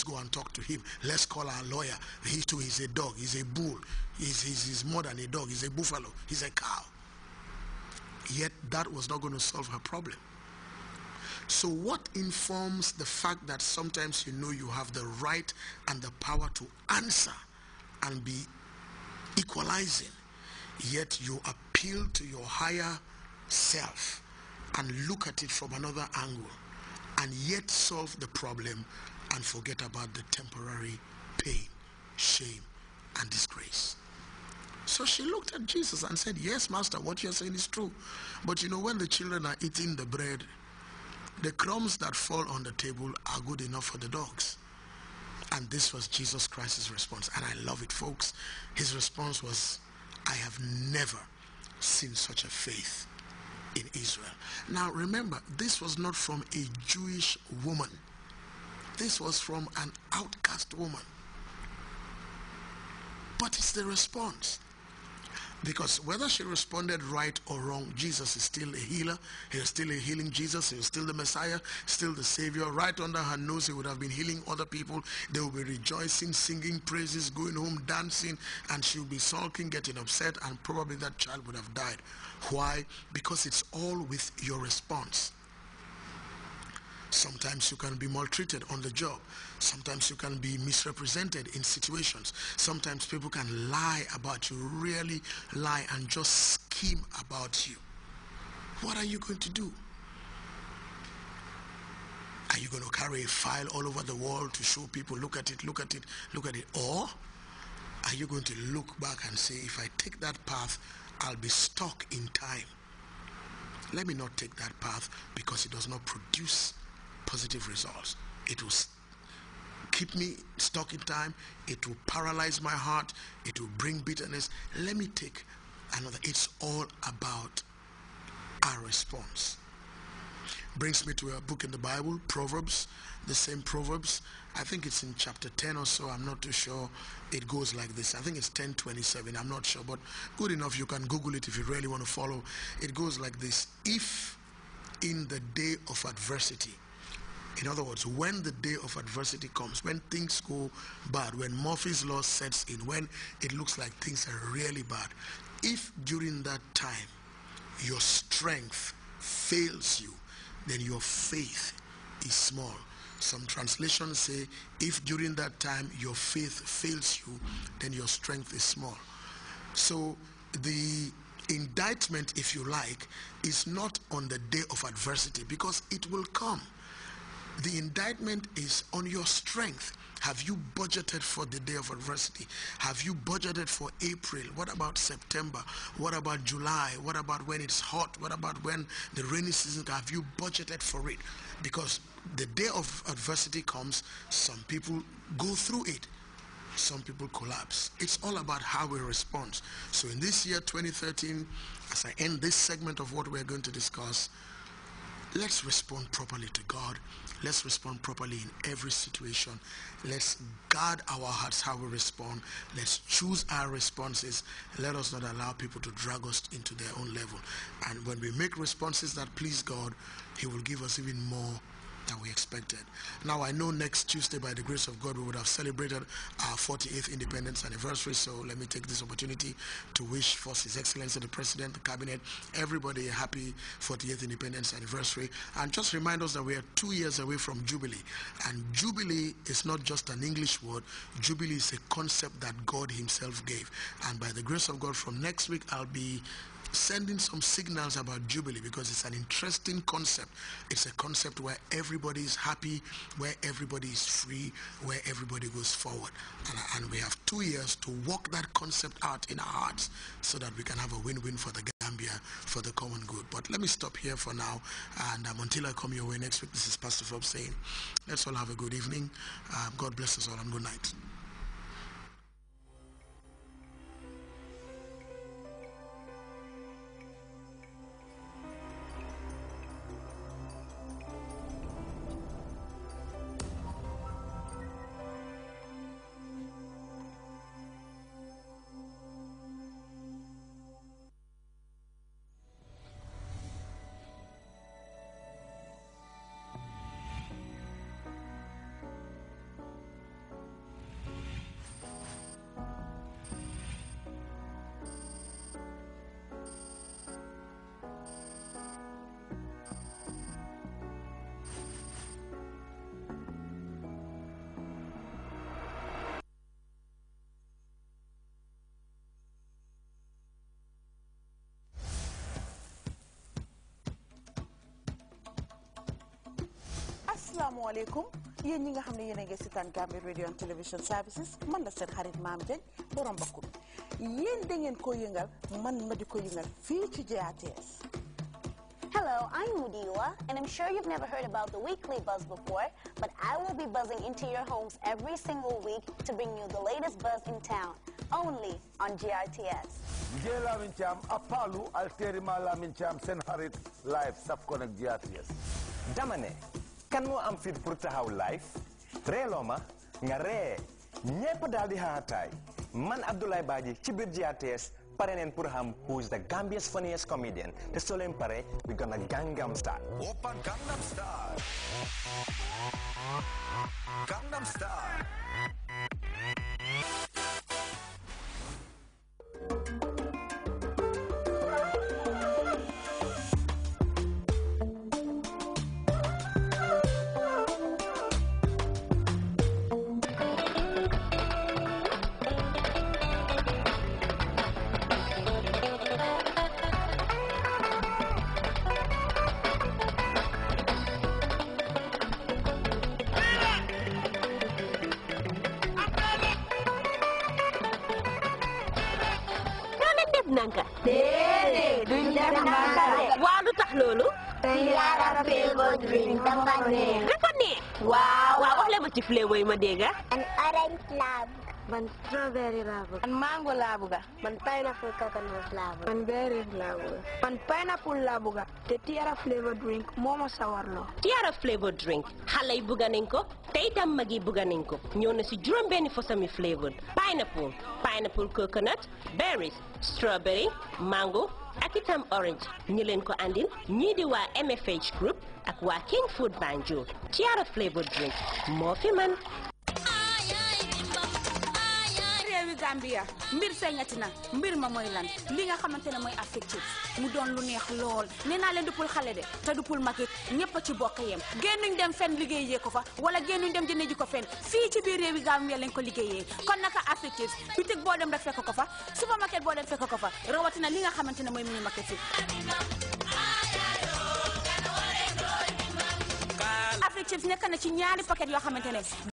Let's go and talk to him. Let's call our lawyer. He too is a dog. He's a bull. He's, he's, he's more than a dog. He's a buffalo. He's a cow. Yet that was not going to solve her problem. So what informs the fact that sometimes you know you have the right and the power to answer and be equalizing, yet you appeal to your higher self and look at it from another angle and yet solve the problem and forget about the temporary pain, shame, and disgrace. So she looked at Jesus and said, yes, master, what you're saying is true. But you know, when the children are eating the bread, the crumbs that fall on the table are good enough for the dogs. And this was Jesus Christ's response. And I love it, folks. His response was, I have never seen such a faith in Israel. Now remember, this was not from a Jewish woman this was from an outcast woman. But it's the response. Because whether she responded right or wrong, Jesus is still a healer. He is still a healing Jesus. He is still the Messiah, still the Savior. Right under her nose, he would have been healing other people. They would be rejoicing, singing praises, going home, dancing, and she would be sulking, getting upset, and probably that child would have died. Why? Because it's all with your response. Sometimes you can be maltreated on the job. Sometimes you can be misrepresented in situations. Sometimes people can lie about you, really lie and just scheme about you. What are you going to do? Are you going to carry a file all over the world to show people, look at it, look at it, look at it? Or are you going to look back and say, if I take that path, I'll be stuck in time? Let me not take that path because it does not produce positive results. It will keep me stuck in time. It will paralyze my heart. It will bring bitterness. Let me take another. It's all about our response. Brings me to a book in the Bible, Proverbs, the same Proverbs. I think it's in chapter 10 or so. I'm not too sure. It goes like this. I think it's 1027. I'm not sure, but good enough. You can Google it if you really want to follow. It goes like this. If in the day of adversity, in other words, when the day of adversity comes, when things go bad, when Murphy's law sets in, when it looks like things are really bad, if during that time your strength fails you, then your faith is small. Some translations say, if during that time your faith fails you, then your strength is small. So the indictment, if you like, is not on the day of adversity because it will come. The indictment is on your strength. Have you budgeted for the day of adversity? Have you budgeted for April? What about September? What about July? What about when it's hot? What about when the rainy season? Have you budgeted for it? Because the day of adversity comes, some people go through it. Some people collapse. It's all about how we respond. So in this year, 2013, as I end this segment of what we're going to discuss, Let's respond properly to God. Let's respond properly in every situation. Let's guard our hearts how we respond. Let's choose our responses. Let us not allow people to drag us into their own level. And when we make responses that please God, he will give us even more than we expected. Now I know next Tuesday by the grace of God we would have celebrated our 48th independence anniversary so let me take this opportunity to wish first His Excellency the President, the Cabinet, everybody a happy 48th independence anniversary and just remind us that we are two years away from Jubilee and Jubilee is not just an English word, Jubilee is a concept that God himself gave and by the grace of God from next week I'll be sending some signals about Jubilee because it's an interesting concept. It's a concept where everybody is happy, where everybody is free, where everybody goes forward. And, and we have two years to work that concept out in our hearts so that we can have a win-win for the Gambia for the common good. But let me stop here for now. And um, until I come your way next week, this is Pastor Fob saying, let's all have a good evening. Um, God bless us all and good night. yéen ñi nga yéen radio and television services man la seen xarit borom yéen ngeen ko yëngal man ma yëngal ci Hello, I'm Mudiwa, and I'm sure you've never heard about the weekly buzz before, but I will be buzzing into your homes every single week to bring you the latest buzz in town, only on GRTS. Apalu, Alterima live, GRTS. Damane, kan mo am fit pour taxaw live très ngare, nga ré ñepp dal di haatay man Abdoulaye Badji ci bir jats parenen pour ham who is the Gambia's funniest comedian te solem pare we gonna Gangnam Star. Gangnam Star. Gangnam Star. nanka déedéet duñ def waa lu tax loolu dañ laa def flavour drink dafa neex dafa neex waaw wax leen ma ci flavour yi ma dégg ah. an orange lab man mango laa bëgg. man pineapple coconut laa bëgg. man berry laa bëgg. te tiara flavor drink moo ma sawarloo. tiara flavor drink xale yi bëgg nañ ko te itam mag bugga nañ ko ñëw na si juróom-benni fosami flavor pineapple pineapple coconut berries strawberry mango ak itam orange ñi leen ko andil ñii di waa MFH group ak waa King Food Banjul tiara drink moo fi man. Gambia mbir feeñati na mbir ma mooy lan li nga xamante ne mooy affectif mu doon lu neex lool nee naa leen duppul xale de te duppul mag it ñëpp a ci bokk yem génnuñ dem fenn liggéeyee ko fa wala génnuñ dem jëndee ji ko fenn fii ci biir réewi Gambia lañ ko liggéeyee kon naka affectif bitig boo dem rek fekk ko fa supermarket boo dem fekk ko fa rawatina li nga xamante ne mooy mini market fi affectif nekk na ci ñaari paquet yoo xamante ne